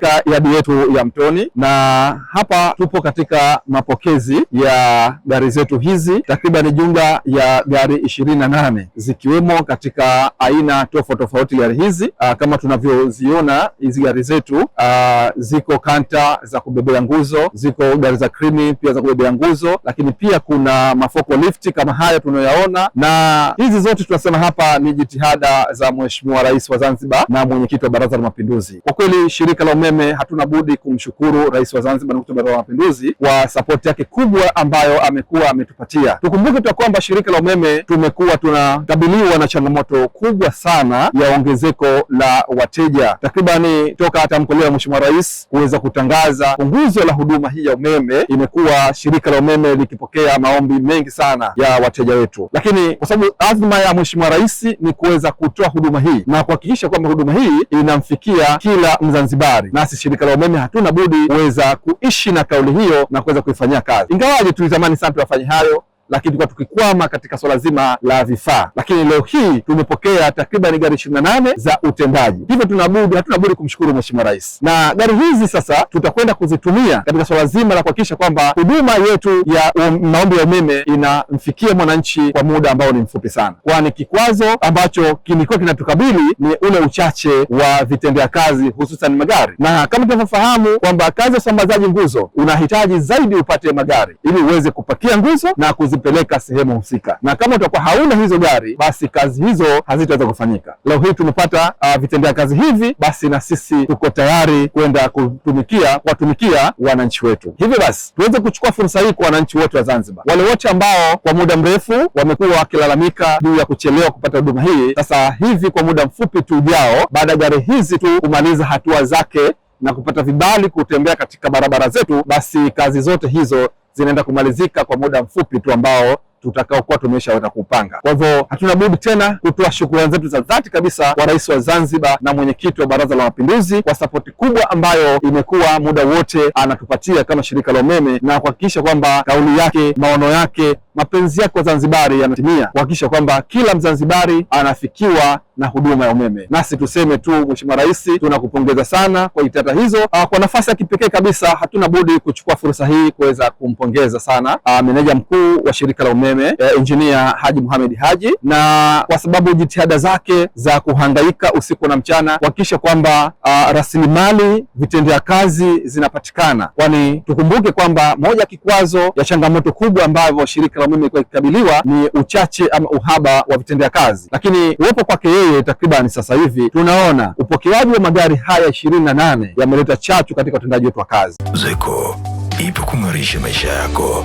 Katika yadi yetu ya Mtoni na hapa tupo katika mapokezi ya gari zetu hizi, takriban jumla ya gari ishirini na nane zikiwemo katika aina tofauti tofauti gari hizi. Aa, ah, kama tunavyoziona hizi gari zetu aa, ah, ziko kanta za kubebea nguzo, ziko gari za krimi pia za kubebea nguzo, lakini pia kuna mafoko lifti kama haya tunayoyaona, na hizi zote tunasema hapa ni jitihada za Mheshimiwa Rais wa Zanzibar na mwenyekiti wa Baraza la Mapinduzi. Kwa kweli shirika la umeme, hatuna budi kumshukuru Rais wa Zanzibar Dkt. Barua Mapinduzi kwa sapoti yake kubwa ambayo amekuwa ametupatia. Tukumbuke tu kwamba shirika la umeme tumekuwa tunakabiliwa na changamoto kubwa sana ya ongezeko la wateja, takribani toka tamko la Mheshimiwa Rais kuweza kutangaza punguzo la huduma hii ya umeme, imekuwa shirika la umeme likipokea maombi mengi sana ya wateja wetu, lakini kwa sababu azma ya Mheshimiwa Rais ni kuweza kutoa huduma hii na kuhakikisha kwamba huduma hii inamfikia kila Mzanzibari nasi shirika la umeme hatuna budi kuweza kuishi na kauli hiyo na kuweza kuifanyia kazi, ingawaje tulitamani sana tuyafanye hayo lakini tulikuwa tukikwama katika swala zima la vifaa, lakini leo hii tumepokea takriban gari ishirini na nane za utendaji, hivyo tunabudi hatuna budi kumshukuru Mheshimiwa Rais, na gari hizi sasa tutakwenda kuzitumia katika swala zima la kuhakikisha kwamba huduma yetu ya um, maombi ya umeme inamfikia mwananchi kwa muda ambao ni mfupi sana, kwani kikwazo ambacho kilikuwa kinatukabili ni ule uchache wa vitendea kazi hususan magari, na kama tunavyofahamu kwamba kazi ya usambazaji nguzo unahitaji zaidi upate magari ili uweze kupakia nguzo na kuzi kuzipeleka sehemu husika, na kama utakuwa hauna hizo gari, basi kazi hizo hazitaweza kufanyika. Leo hii tumepata uh, vitendea kazi hivi, basi na sisi tuko tayari kwenda kutumikia kuwatumikia wananchi wetu. Hivyo basi tuweze kuchukua fursa hii kwa wananchi wote wa Zanzibar, wale wote ambao kwa muda mrefu wamekuwa wakilalamika juu ya kuchelewa kupata huduma hii. Sasa hivi kwa muda mfupi tu ujao, baada ya gari hizi tu kumaliza hatua zake na kupata vibali kutembea katika barabara zetu, basi kazi zote hizo zinaenda kumalizika kwa muda mfupi tu ambao tutakaokuwa tumeshaweza kupanga. Kwa hivyo hatuna budi tena kutoa shukrani zetu za dhati kabisa kwa Rais wa Zanzibar na mwenyekiti wa Baraza la Mapinduzi kwa sapoti kubwa ambayo imekuwa muda wote anatupatia kama shirika la umeme na kuhakikisha kwamba kauli yake, maono yake mapenzi yako zanzibari yanatimia kuhakikisha kwamba kila Mzanzibari anafikiwa na huduma ya umeme. Nasi tuseme tu, Mheshimiwa Rais, tunakupongeza sana kwa jitihada hizo. Aa, ah, kwa nafasi ya kipekee kabisa hatuna budi kuchukua fursa hii kuweza kumpongeza sana ah, meneja mkuu wa shirika la umeme e, Engineer Haji Muhammad Haji, na kwa sababu jitihada zake za kuhangaika usiku na mchana kuhakikisha kwamba ah, rasilimali vitendea kazi zinapatikana, kwani tukumbuke kwamba moja kikwazo ya changamoto kubwa ambavyo shirika changamoto ambayo imekuwa ikikabiliwa ni uchache ama uhaba wa vitendea kazi, lakini uwepo kwake yeye takriban sasa hivi tunaona upokewaji wa magari haya ishirini na nane yameleta chachu katika utendaji wetu wa kazi. ZECO ipo kung'arisha maisha yako.